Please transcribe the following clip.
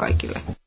kaikille.